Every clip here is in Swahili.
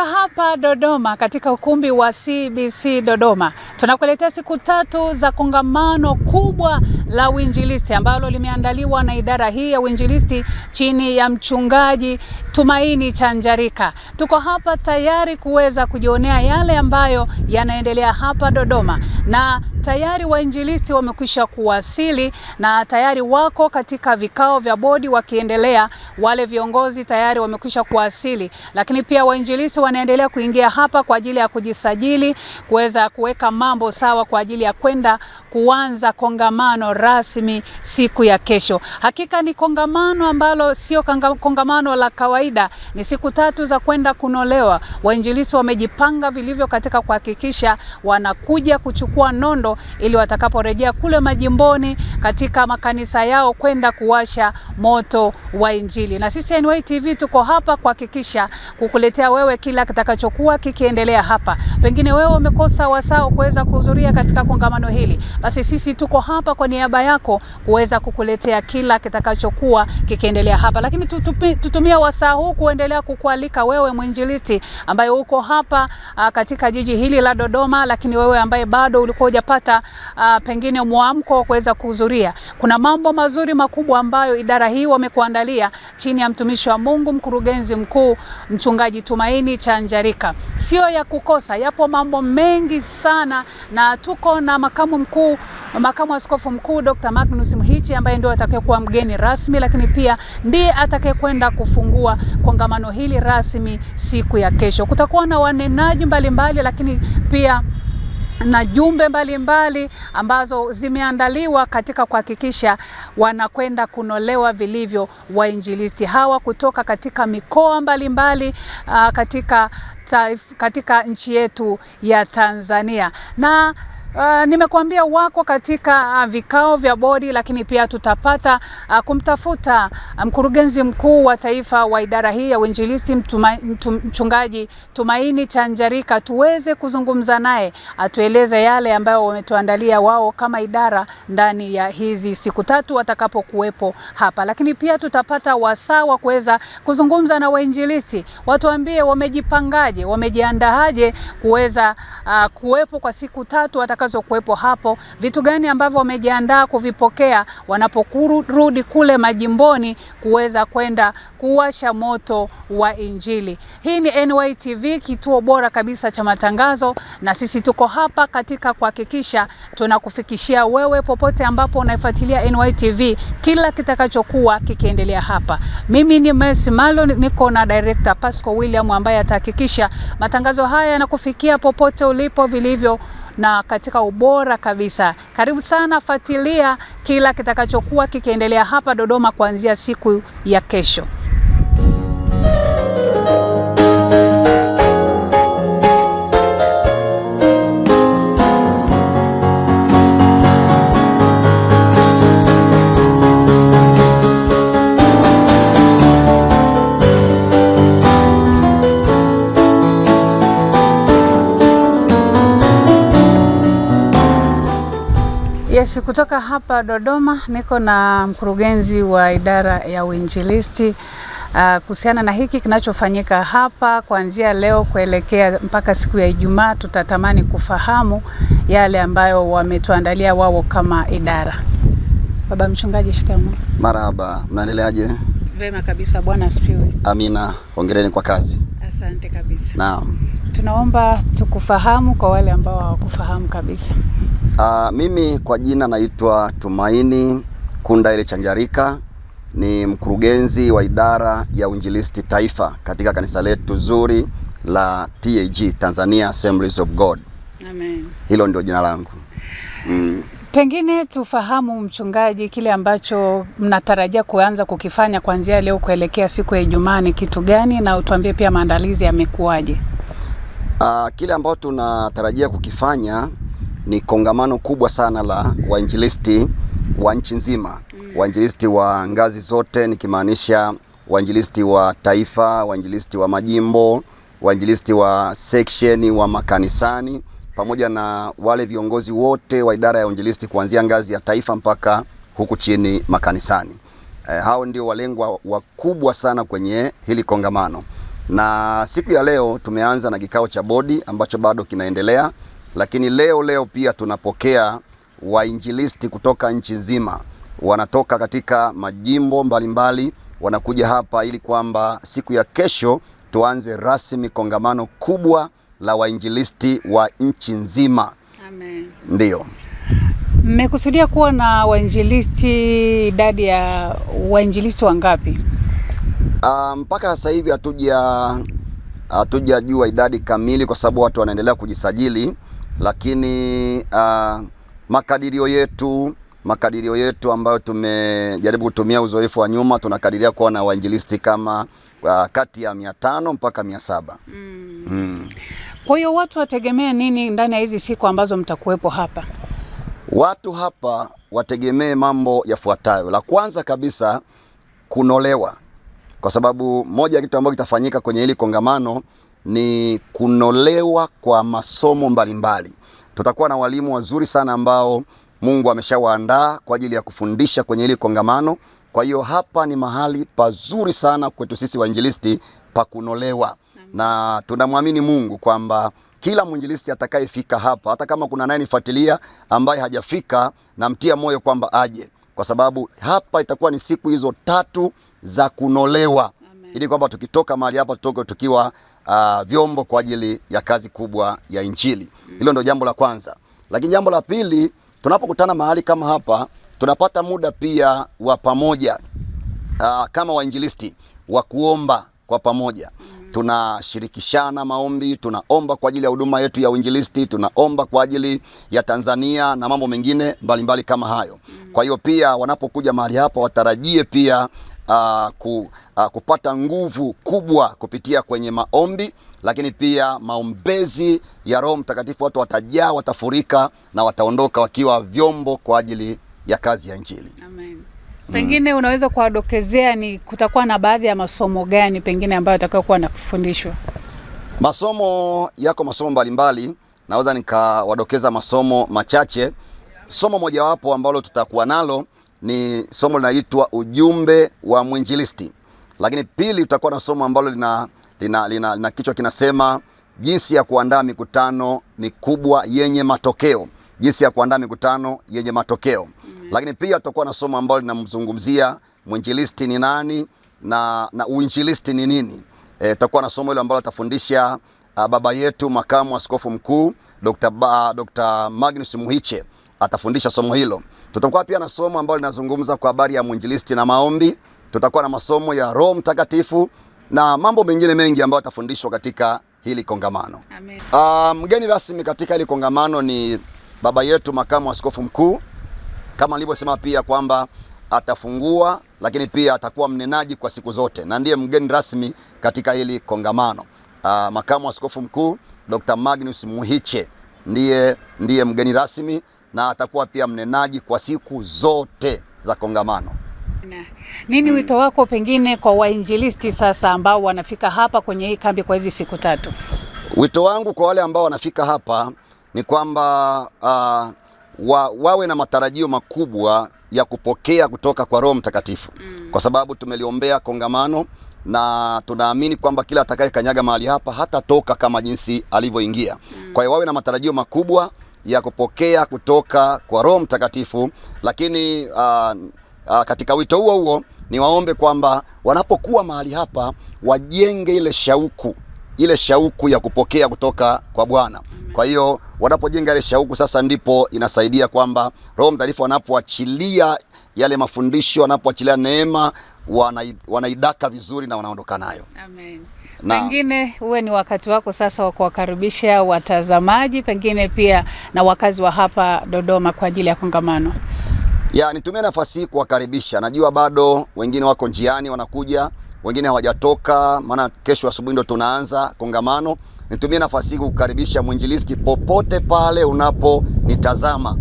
Kutoka hapa Dodoma katika ukumbi wa CBC Dodoma tunakuletea siku tatu za kongamano kubwa la uinjilisti ambalo limeandaliwa na idara hii ya uinjilisti chini ya mchungaji Tumaini Chanjarika. Tuko hapa tayari kuweza kujionea yale ambayo yanaendelea hapa Dodoma, na tayari wainjilisti wamekwisha kuwasili na tayari wako katika vikao vya bodi wakiendelea. Wale viongozi tayari wamekwisha kuwasili, lakini pia wainjilisti wanaendelea kuingia hapa kwa ajili ya kujisajili, kuweza kuweka mambo sawa kwa ajili ya kwenda kuanza kongamano rasmi siku ya kesho. Hakika ni kongamano ambalo sio kongamano la kawaida, ni siku tatu za kwenda kunolewa. wainjilisi wamejipanga vilivyo katika kuhakikisha wanakuja kuchukua nondo ili watakaporejea kule majimboni katika makanisa yao kwenda kuwasha moto wa Injili. Na sisi NY TV tuko hapa kuhakikisha kukuletea wewe kila kitakachokuwa kikiendelea hapa. Pengine wewe umekosa wasaa kuweza kuhudhuria katika kongamano hili basi sisi tuko hapa kwa niaba yako kuweza kukuletea kila kitakachokuwa kikiendelea hapa, lakini tutumia wasaa huu kuendelea kukualika wewe mwinjilisti ambaye uko hapa a, ah, katika jiji hili la Dodoma, lakini wewe ambaye bado ulikuwa hujapata ah, pengine mwamko wa kuweza kuhudhuria, kuna mambo mazuri makubwa ambayo idara hii wamekuandalia chini ya mtumishi wa Mungu, mkurugenzi mkuu mchungaji Tumaini Chanjarika, sio ya kukosa. Yapo mambo mengi sana na tuko na makamu mkuu mkuu, makamu askofu mkuu Dr. Magnus Mhichi ambaye ndio atakayekuwa mgeni rasmi, lakini pia ndiye atakayekwenda kufungua kongamano hili rasmi siku ya kesho. Kutakuwa na wanenaji mbalimbali, lakini pia na jumbe mbalimbali mbali ambazo zimeandaliwa katika kuhakikisha wanakwenda kunolewa vilivyo wainjilisti hawa kutoka katika mikoa mbalimbali mbali, uh, katika, katika nchi yetu ya Tanzania na Uh, nimekuambia wako katika uh, vikao vya bodi, lakini pia tutapata uh, kumtafuta uh, mkurugenzi um, mkuu wa taifa wa idara hii ya uinjilisti mtuma, mtum, mchungaji Tumaini Chanjarika tuweze kuzungumza naye atueleze uh, yale ambayo wametuandalia wao kama idara ndani ya hizi siku tatu watakapokuwepo hapa, lakini pia tutapata wasaa wa kuweza kuzungumza na wainjilisti, watuambie wamejipangaje, wamejiandaaje kuweza uh, kuwepo kwa siku tatu wataka zitakazokuwepo hapo, vitu gani ambavyo wamejiandaa kuvipokea wanapokurudi kule majimboni kuweza kwenda kuwasha moto wa Injili. Hii ni NYTV, kituo bora kabisa cha matangazo, na sisi tuko hapa katika kuhakikisha tunakufikishia wewe popote ambapo unaifuatilia NYTV kila kitakachokuwa kikiendelea hapa. Mimi ni Mercy Malo, niko na director Pasco William ambaye atahakikisha matangazo haya yanakufikia popote ulipo vilivyo na katika ubora kabisa. Karibu sana, fuatilia kila kitakachokuwa kikiendelea hapa Dodoma kuanzia siku ya kesho. Yes, kutoka hapa Dodoma niko na mkurugenzi wa idara ya uinjilisti uh, kuhusiana na hiki kinachofanyika hapa kuanzia leo kuelekea mpaka siku ya Ijumaa. Tutatamani kufahamu yale ambayo wametuandalia wao kama idara. Baba mchungaji, shikamo. Marahaba, mnaendeleaje? Vema kabisa, Bwana asifiwe. Amina, hongereni kwa kazi. Asante kabisa. Naam, tunaomba tukufahamu kwa wale ambao hawakufahamu kabisa. Uh, mimi kwa jina naitwa Tumaini Kundaile Chanjarika ni mkurugenzi wa idara ya uinjilisti taifa katika kanisa letu zuri la TAG Tanzania Assemblies of God. Amen. Hilo ndio jina langu. Mm. Pengine tufahamu mchungaji, kile ambacho mnatarajia kuanza kukifanya kuanzia leo kuelekea siku ya Ijumaa ni kitu gani, na utuambie pia maandalizi yamekuwaje? Uh, kile ambacho tunatarajia kukifanya ni kongamano kubwa sana la wainjilisti wa nchi nzima, mm. wainjilisti wa ngazi zote, nikimaanisha wainjilisti wa taifa, wainjilisti wa majimbo, wainjilisti wa section wa makanisani, pamoja na wale viongozi wote wa idara ya uinjilisti kuanzia ngazi ya taifa mpaka huku chini makanisani. E, hao ndio walengwa wakubwa sana kwenye hili kongamano, na siku ya leo tumeanza na kikao cha bodi ambacho bado kinaendelea. Lakini leo leo pia tunapokea wainjilisti kutoka nchi nzima, wanatoka katika majimbo mbalimbali mbali, wanakuja hapa ili kwamba siku ya kesho tuanze rasmi kongamano kubwa la wainjilisti wa nchi nzima. Amen. Ndiyo. Mmekusudia kuwa na wainjilisti, idadi ya wainjilisti wangapi? Uh, mpaka sasa hivi hatuja hatujajua idadi kamili kwa sababu watu wanaendelea kujisajili lakini uh, makadirio yetu makadirio yetu ambayo tumejaribu kutumia uzoefu wa nyuma, tunakadiria kuwa na wainjilisti kama uh, kati ya mia tano mpaka mia saba mm. mm. Kwa hiyo watu wategemee nini ndani ya hizi siku ambazo mtakuwepo hapa? Watu hapa wategemee mambo yafuatayo. La kwanza kabisa kunolewa, kwa sababu moja ya kitu ambacho kitafanyika kwenye hili kongamano ni kunolewa kwa masomo mbalimbali. Tutakuwa na walimu wazuri sana ambao Mungu ameshawaandaa kwa ajili ya kufundisha kwenye hili kongamano. Kwa hiyo hapa ni mahali pazuri sana kwetu sisi wainjilisti pa kunolewa, na tunamwamini Mungu kwamba kila mwinjilisti atakayefika hapa, hata kama kuna anayenifuatilia ambaye hajafika, namtia moyo kwamba aje, kwa sababu hapa itakuwa ni siku hizo tatu za kunolewa, ili kwamba tukitoka mahali hapa tutoke tukiwa uh, vyombo kwa ajili ya kazi kubwa ya Injili. Hilo ndio jambo la kwanza, lakini jambo la pili, tunapokutana mahali kama hapa tunapata muda pia wa pamoja uh, kama wainjilisti wa kuomba kwa pamoja tunashirikishana maombi, tunaomba kwa ajili ya huduma yetu ya uinjilisti, tunaomba kwa ajili ya Tanzania na mambo mengine mbalimbali mbali kama hayo. Kwa hiyo pia wanapokuja mahali hapa watarajie pia uh, ku, uh, kupata nguvu kubwa kupitia kwenye maombi, lakini pia maombezi ya Roho Mtakatifu. Watu watajaa, watafurika na wataondoka wakiwa vyombo kwa ajili ya kazi ya Injili. Amen. Mm. Pengine unaweza kuwadokezea ni kutakuwa na baadhi ya masomo gani pengine ambayo yatakayo kuwa na kufundishwa? Masomo yako masomo mbalimbali, naweza nikawadokeza masomo machache. Somo mojawapo ambalo tutakuwa nalo ni somo linaitwa ujumbe wa mwinjilisti. Lakini pili, tutakuwa na somo ambalo lina, lina, lina, lina kichwa kinasema jinsi ya kuandaa mikutano mikubwa yenye matokeo, jinsi ya kuandaa mikutano yenye matokeo. Mm. Lakini pia tutakuwa na somo ambalo linamzungumzia mwinjilisti ni nani na, na uinjilisti ni nini. E, tutakuwa na somo hilo ambalo atafundisha baba yetu makamu askofu mkuu Dr. ba, Dr. Magnus Muhiche atafundisha somo hilo. Tutakuwa pia na somo ambalo linazungumza kwa habari ya mwinjilisti na maombi. Tutakuwa na masomo ya Roho Mtakatifu na mambo mengine mengi ambayo atafundishwa katika hili kongamano. Amen. Uh, mgeni rasmi katika hili kongamano ni baba yetu makamu wa askofu mkuu, kama alivyosema pia kwamba atafungua lakini pia atakuwa mnenaji kwa siku zote na ndiye mgeni rasmi katika hili kongamano. Uh, makamu wa askofu mkuu Dr. Magnus Muhiche ndiye, ndiye mgeni rasmi na atakuwa pia mnenaji kwa siku zote za kongamano. nini wito wako pengine kwa wainjilisti sasa ambao wanafika hapa kwenye hii kambi kwa hizi siku tatu? Wito wangu kwa wale ambao wanafika hapa ni kwamba uh, wa, wawe na matarajio makubwa ya kupokea kutoka kwa Roho Mtakatifu mm. Kwa sababu tumeliombea kongamano na tunaamini kwamba kila atakayekanyaga mahali hapa hata toka kama jinsi alivyoingia mm. Kwa hiyo wawe na matarajio makubwa ya kupokea kutoka kwa Roho Mtakatifu, lakini uh, uh, katika wito huo huo niwaombe kwamba wanapokuwa mahali hapa wajenge ile shauku ile shauku ya kupokea kutoka kwa Bwana. Kwa hiyo wanapojenga ile shauku sasa, ndipo inasaidia kwamba Roho Mtakatifu anapoachilia yale mafundisho, anapoachilia neema, wana, wanaidaka vizuri na wanaondoka nayo. Amen. Na pengine uwe ni wakati wako sasa wa kuwakaribisha watazamaji pengine pia na wakazi wa hapa Dodoma kwa ajili ya kongamano. Ya, nitumie nafasi hii kuwakaribisha. Najua bado wengine wako njiani wanakuja, wengine hawajatoka, maana kesho asubuhi ndo tunaanza kongamano. Nitumie nafasi hii kukaribisha mwinjilisti, popote pale unaponitazama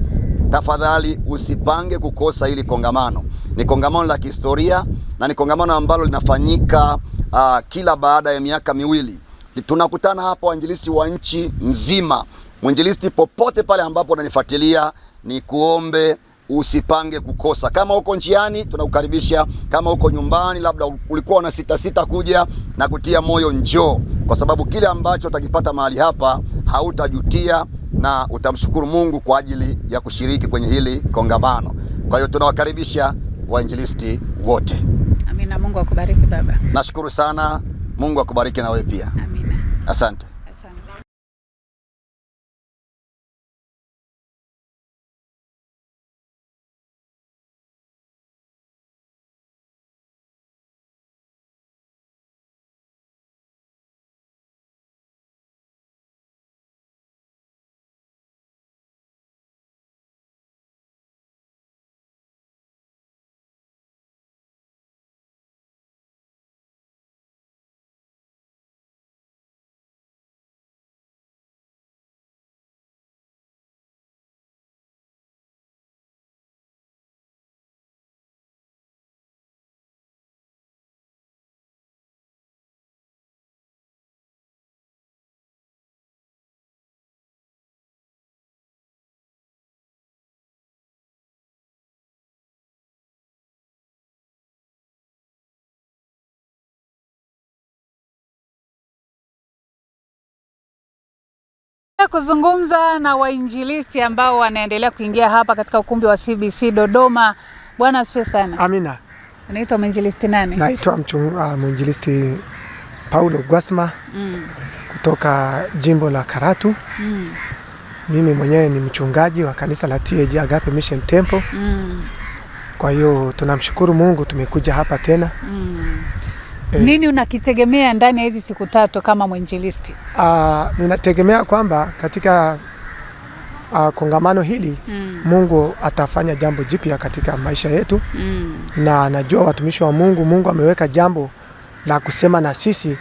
tafadhali usipange kukosa hili kongamano. Ni kongamano la kihistoria na ni kongamano ambalo linafanyika uh, kila baada ya miaka miwili. Tunakutana hapa wainjilisti wa nchi nzima. Mwinjilisti popote pale ambapo unanifuatilia, ni kuombe usipange kukosa. Kama uko njiani, tunakukaribisha. Kama uko nyumbani, labda ulikuwa una sita sita kuja na kutia moyo, njoo, kwa sababu kile ambacho utakipata mahali hapa hautajutia na utamshukuru Mungu kwa ajili ya kushiriki kwenye hili kongamano. Kwa hiyo tunawakaribisha wainjilisti wote. Amina, Mungu akubariki baba. Nashukuru sana, Mungu akubariki na wewe pia. Amina. Asante. Kuzungumza na wainjilisti ambao wanaendelea kuingia hapa katika ukumbi wa CBC Dodoma. Bwana asifiwe sana. Amina. Unaitwa mwinjilisti nani? Naitwa uh, mwinjilisti Paulo Gwasma mm. kutoka jimbo la Karatu mm. Mimi mwenyewe ni mchungaji wa kanisa la TAG Agape Mission Temple mm. Kwa hiyo tunamshukuru Mungu tumekuja hapa tena mm eh. Nini unakitegemea ndani ya hizi siku tatu kama mwinjilisti? Uh, ninategemea kwamba katika uh, kongamano hili mm. Mungu atafanya jambo jipya katika maisha yetu mm. na anajua watumishi wa Mungu, Mungu ameweka jambo la kusema na sisi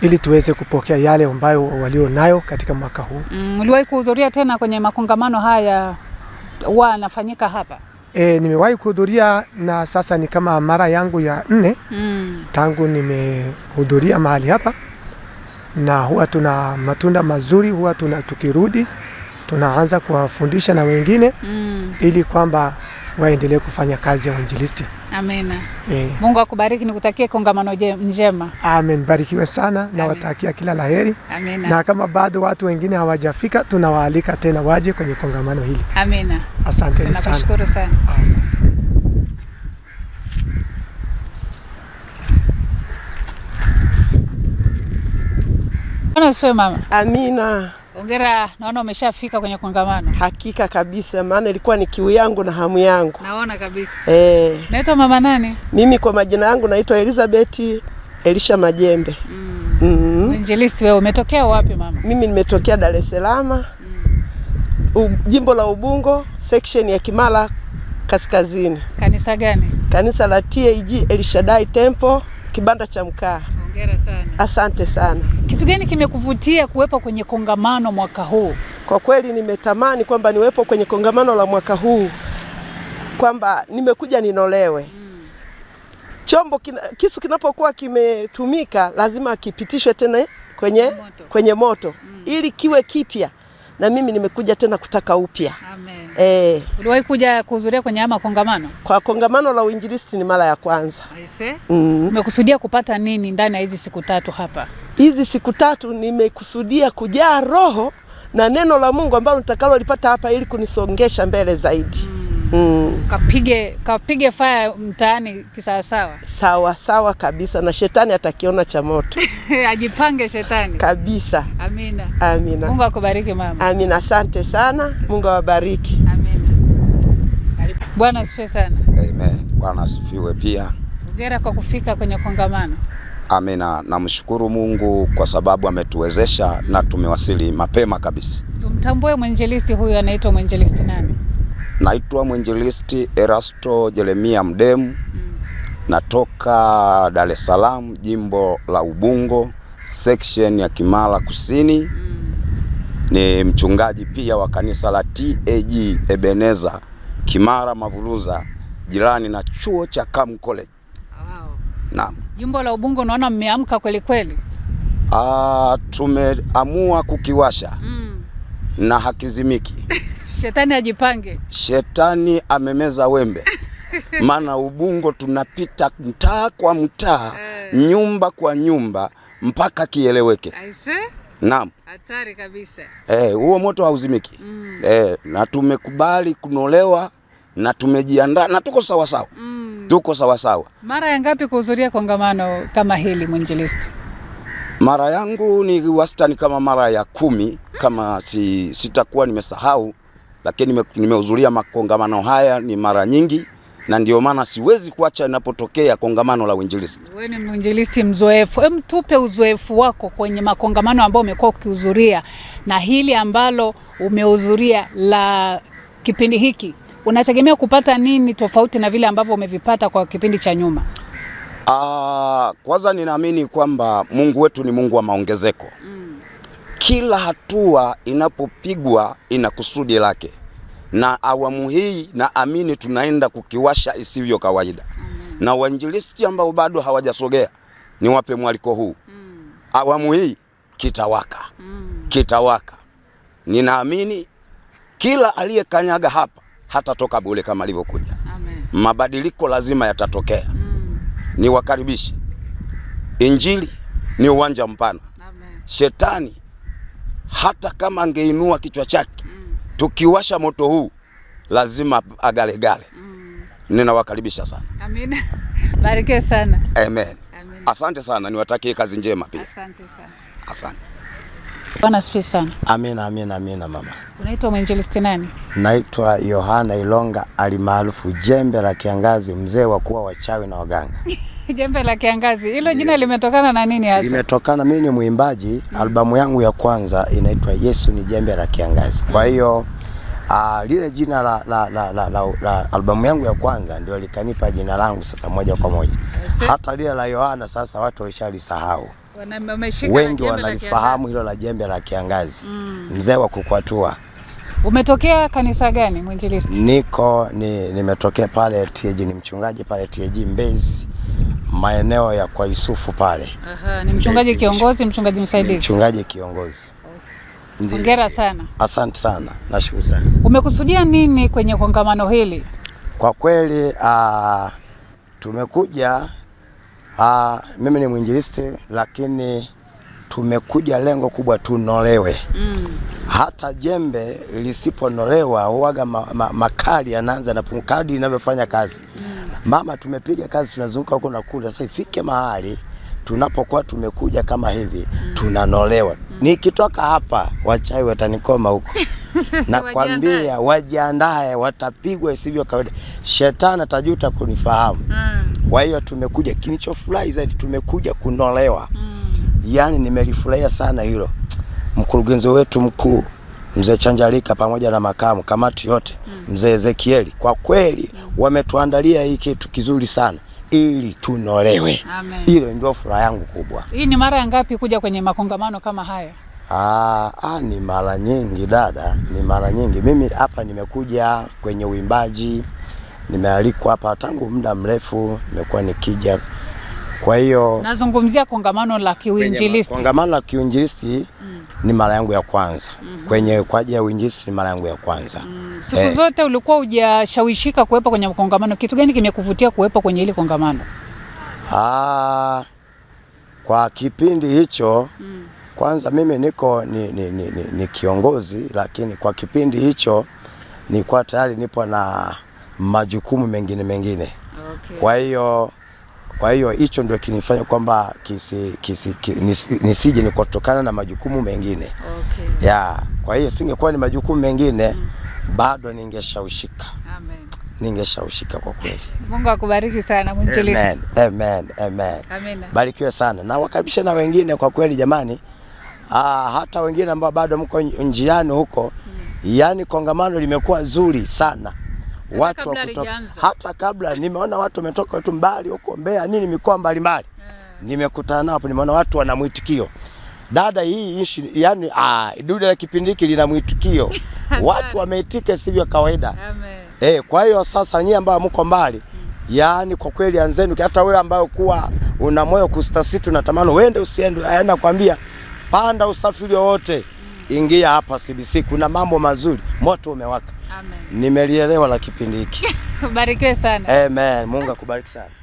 ili tuweze kupokea yale ambayo walionayo katika mwaka huu. Mm, uliwahi kuhudhuria tena kwenye makongamano haya anafanyika hapa? E, nimewahi kuhudhuria na sasa ni kama mara yangu ya nne mm. tangu nimehudhuria mahali hapa, na huwa tuna matunda mazuri, huwa tuna tukirudi tunaanza kuwafundisha na wengine mm. ili kwamba waendelee kufanya kazi ya uinjilisti. Amina. E. Mungu akubariki, nikutakie kongamano njema. Amen. Barikiwe sana, nawatakia kila laheri. Amina. Na kama bado watu wengine hawajafika, tunawaalika tena waje kwenye kongamano hili. Amina. Asanteni sana. Nakushukuru sana. Asante. Mama. Amina. Hongera, naona umeshafika kwenye kongamano. Hakika kabisa, maana ilikuwa ni kiu yangu na hamu yangu. Naona kabisa. Eh. Naitwa mama nani? Mimi kwa majina yangu naitwa Elizabeth Elisha Majembe. Mm. Mm. Mwinjilisti wewe umetokea wapi mama? Mimi nimetokea Dar es Salaam. Mm. Jimbo la Ubungo, section ya Kimara Kaskazini. Kanisa gani? Kanisa la TAG Elishadai Temple, kibanda cha mkaa. Hongera sana. Asante sana. Kitu gani kimekuvutia kuwepo kwenye kongamano mwaka huu? Kwa kweli nimetamani kwamba niwepo kwenye kongamano la mwaka huu kwamba nimekuja ninolewe. hmm. Chombo kina, kisu kinapokuwa kimetumika lazima kipitishwe tena kwenye moto, kwenye moto. Hmm. Ili kiwe kipya na mimi nimekuja tena kutaka upya. Amen. Eh. Uliwahi kuja kuhudhuria kwenye ama kongamano? Kwa kongamano la uinjilisti ni mara ya kwanza. Mm. Umekusudia kupata nini ndani ya hizi siku tatu hapa? Hizi siku tatu nimekusudia kujaa roho na neno la Mungu ambalo lipata hapa ili kunisongesha mbele zaidi. Mm mm. kapige kapige faya mtaani kisawasawa. Sawa sawa kabisa, na shetani atakiona cha moto ajipange shetani kabisa. Amina, amina. Mungu akubariki mama. Amina, asante sana, Mungu awabariki. Amina. Bwana asifiwe sana. Amen. Bwana asifiwe pia. Hongera kwa kufika kwenye kongamano. Amina, namshukuru Mungu kwa sababu ametuwezesha na tumewasili mapema kabisa. Tumtambue mwinjilisti huyu, anaitwa mwinjilisti nani? Naitwa mwinjilisti Erasto Jeremia Mdemu, mm. natoka Dar es Salaam, jimbo la Ubungo, section ya Kimara Kusini. Mm. Ni mchungaji pia wa kanisa la TAG Ebeneza Kimara Mavuruza, jirani na chuo cha Kam College. Wow. Naam. Jimbo la Ubungo, naona mmeamka kweli kweli. Ah, tumeamua kukiwasha mm. na hakizimiki Shetani ajipange, shetani amemeza wembe maana Ubungo tunapita mtaa kwa mtaa e, nyumba kwa nyumba mpaka kieleweke. Naam, hatari kabisa eh, huo moto hauzimiki mm. Eh, na tumekubali kunolewa na tumejiandaa na tuko sawasawa mm. Tuko sawasawa. Mara ya ngapi kuhudhuria kongamano kama hili mwinjilisti? Mara yangu ni wastani kama mara ya kumi kama si, sitakuwa nimesahau lakini nimehudhuria makongamano haya ni mara nyingi na ndio maana siwezi kuacha inapotokea kongamano la uinjilisti. Wewe ni mwinjilisti mzoefu, hem, tupe uzoefu wako kwenye makongamano ambayo umekuwa ukihudhuria na hili ambalo umehudhuria la kipindi hiki, unategemea kupata nini tofauti na vile ambavyo umevipata kwa kipindi cha nyuma? Aa, ah, kwanza ninaamini kwamba Mungu wetu ni Mungu wa maongezeko mm kila hatua inapopigwa ina kusudi lake, na awamu hii na amini tunaenda kukiwasha isivyo kawaida na wainjilisti ambao bado hawajasogea niwape mwaliko huu mm. awamu hii kitawaka mm. kitawaka. Ninaamini kila aliyekanyaga hapa hatatoka bure kama alivyokuja. Mabadiliko lazima yatatokea mm. Niwakaribishe. Injili ni uwanja mpana Amen. Shetani hata kama angeinua kichwa chake mm. tukiwasha moto huu lazima agalegale mm. ninawakaribisha sana. Amina. Barike sana. Amen. Amen. Asante sana, niwatakie kazi njema pia. Asante sana. Asante. Bwana sana. Amina, amina, amina mama. Unaitwa mwinjilisti nani? Naitwa Yohana Ilonga alimaarufu Jembe la Kiangazi, mzee wa kuwa wachawi na waganga Jembe la Kiangazi. Hilo jina limetokana na nini hasa? Limetokana, mimi ni mwimbaji, mm. albamu yangu ya kwanza inaitwa Yesu ni Jembe la Kiangazi. Kwa hiyo Uh, lile jina la, la, la, la, la, la albamu yangu ya kwanza ndio likanipa jina langu sasa moja kwa moja. Hata lile la Yohana sasa watu walishalisahau, wengi wanalifahamu hilo la jembe la kiangazi. Mm. Mzee wa kukwatua. Umetokea kanisa gani mwinjilisti? Niko nimetokea pale TAG, ni mchungaji pale TAG Mbezi maeneo ya kwa Yusufu pale. Aha, ni mchungaji kiongozi, mchungaji msaidizi. Mchungaji kiongozi. Hongera sana. Asante sana, nashukuru sana. Umekusudia nini kwenye kongamano hili? Kwa kweli aa, ah, tumekuja aa, ah, mimi ni mwinjilisti lakini tumekuja lengo kubwa tunolewe. mm. Hata jembe lisiponolewa huaga ma, ma, makali yanaanza na pumkadi inavyofanya kazi mm mama, tumepiga kazi, tunazunguka huko na kule. Sasa ifike mahali tunapokuwa tumekuja kama hivi mm. tunanolewa mm. nikitoka hapa wachawi watanikoma huko nakwambia, wajiandae, watapigwa isivyo kawaida, shetani atajuta kunifahamu mm. Kwa hiyo tumekuja, kilichofurahi zaidi tumekuja kunolewa mm. Yaani nimelifurahia sana hilo, mkurugenzi wetu mkuu mzee Chanjalika pamoja na makamu kamati yote mm. mzee Ezekieli kwa kweli mm. wametuandalia hii kitu kizuri sana ili tunolewe. Ile ndio furaha yangu kubwa. Hii ni mara ngapi kuja kwenye makongamano kama haya? Aa, ah, aa, ah, ni mara nyingi dada, ni mara nyingi. Mimi hapa nimekuja kwenye uimbaji, nimealikwa hapa tangu muda mrefu, nimekuwa nikija kwa hiyo nazungumzia kongamano la kiuinjilisti. Kongamano la kiuinjilisti mm. ni mara yangu ya kwanza mm -hmm. kwenye kwa ajili ya uinjilisti ni mara yangu ya kwanza mm. siku eh. zote ulikuwa hujashawishika kuwepo kwenye kongamano. Kitu gani kimekuvutia kuwepo kwenye hili kongamano? Aa, ah, kwa kipindi hicho mm. kwanza mimi niko ni, ni, ni, ni, ni kiongozi, lakini kwa kipindi hicho nilikuwa tayari nipo na majukumu mengine mengine okay. kwa hiyo kwa hiyo hicho ndio kinifanya kwamba kisi, kisi, kisi, nisije ni kutokana na majukumu mengine okay. Ya, kwa hiyo singekuwa ni majukumu mengine mm. bado ningeshawishika ningeshaushika kwa kweli. Mungu akubariki sana mwinjilisti. Amen, amen, amen. Amina. Barikiwe sana na wakaribisha na wengine kwa kweli jamani. Aa, ah, hata wengine ambao bado mko njiani huko mm. Yaani kongamano limekuwa zuri sana watu wa kutoka hata kabla, nimeona watu wametoka watu mbali huko Mbeya nini mikoa mbalimbali eh. nimekutana nao hapo, nimeona watu wana mwitikio dada, hii ishi yani, ah, duda la kipindi hiki lina mwitikio watu wameitika sivyo kawaida. Amen. Eh, kwa hiyo sasa nyie ambao mko mbali hmm. Yani kwa kweli anzenu, hata wewe ambayo kuwa una moyo kustasiti unatamani uende usiende, nakwambia panda usafiri wowote ingia hapa CBC, kuna mambo mazuri, moto umewaka. Amen. Nimelielewa la kipindi hiki. Ubarikiwe sana. Amen. Mungu akubariki sana.